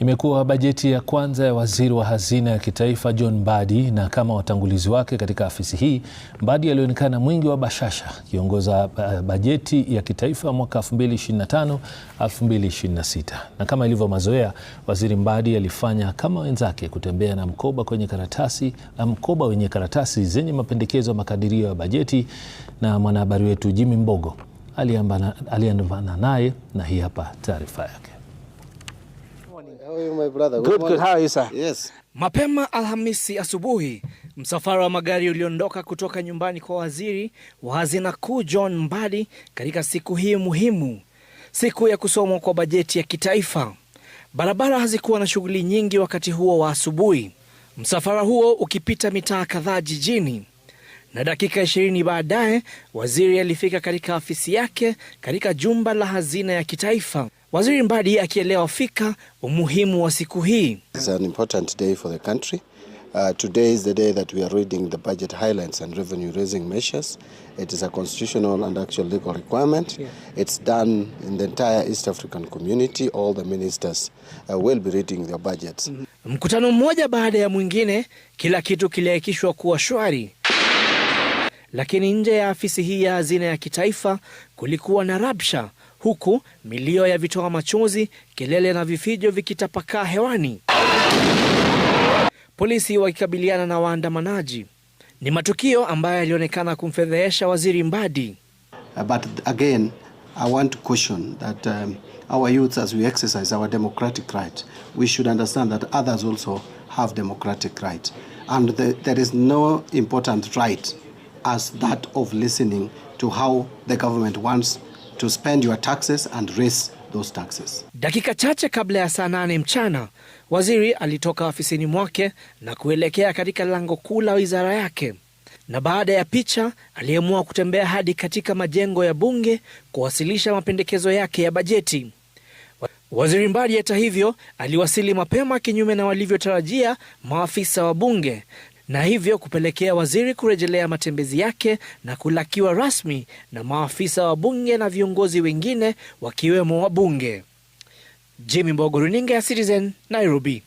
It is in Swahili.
Imekuwa bajeti ya kwanza ya waziri wa hazina ya kitaifa John Mbadi, na kama watangulizi wake katika afisi hii, Mbadi alionekana mwingi wa bashasha akiongoza eh, bajeti ya kitaifa mwaka 2025 2026. Na kama ilivyo mazoea, waziri Mbadi alifanya kama wenzake, kutembea na mkoba kwenye karatasi na mkoba wenye karatasi zenye mapendekezo ya makadirio ya bajeti, na mwanahabari wetu Jimmy Mbogo aliandamana naye, na hii hapa taarifa yake morning. How are you, my brother? Good, good, How are you, sir? Yes. Mapema Alhamisi asubuhi, msafara wa magari uliondoka kutoka nyumbani kwa Waziri wa Hazina Kuu John Mbadi katika siku hii muhimu, siku ya kusomwa kwa bajeti ya kitaifa. Barabara hazikuwa na shughuli nyingi wakati huo wa asubuhi, msafara huo ukipita mitaa kadhaa jijini. Na dakika ishirini baadaye waziri alifika katika afisi yake katika jumba la hazina ya kitaifa, waziri Mbadi akielewa fika umuhimu wa siku hii. Uh, today is the day that we are reading the budget highlights and revenue raising measures. It is a constitutional and actual legal requirement. Yeah. It's done in the entire East African community. All the ministers uh, will be reading their budgets. Mm-hmm. Mkutano mmoja baada ya mwingine, kila kitu kiliakishwa kuwa shwari. Lakini nje ya afisi hii ya hazina ya kitaifa kulikuwa na rabsha, huku milio ya vitoa machozi, kelele na vifijo vikitapakaa hewani, polisi wakikabiliana na waandamanaji. Ni matukio ambayo yalionekana kumfedhehesha waziri Mbadi. Uh, but again, I want to caution that um, our as we exercise our democratic right, we should understand that others also have democratic right. And the, there is no important right as that of listening to how the government wants to spend your taxes and raise those taxes. Dakika chache kabla ya saa nane mchana, waziri alitoka ofisini mwake na kuelekea katika lango kuu la wizara yake. Na baada ya picha aliamua kutembea hadi katika majengo ya bunge kuwasilisha mapendekezo yake ya bajeti. Waziri Mbadi hata hivyo aliwasili mapema kinyume na walivyotarajia maafisa wa bunge na hivyo kupelekea waziri kurejelea matembezi yake na kulakiwa rasmi na maafisa wa bunge na viongozi wengine wakiwemo wabunge. Jimmy Mbogo, runinga ya Citizen, Nairobi.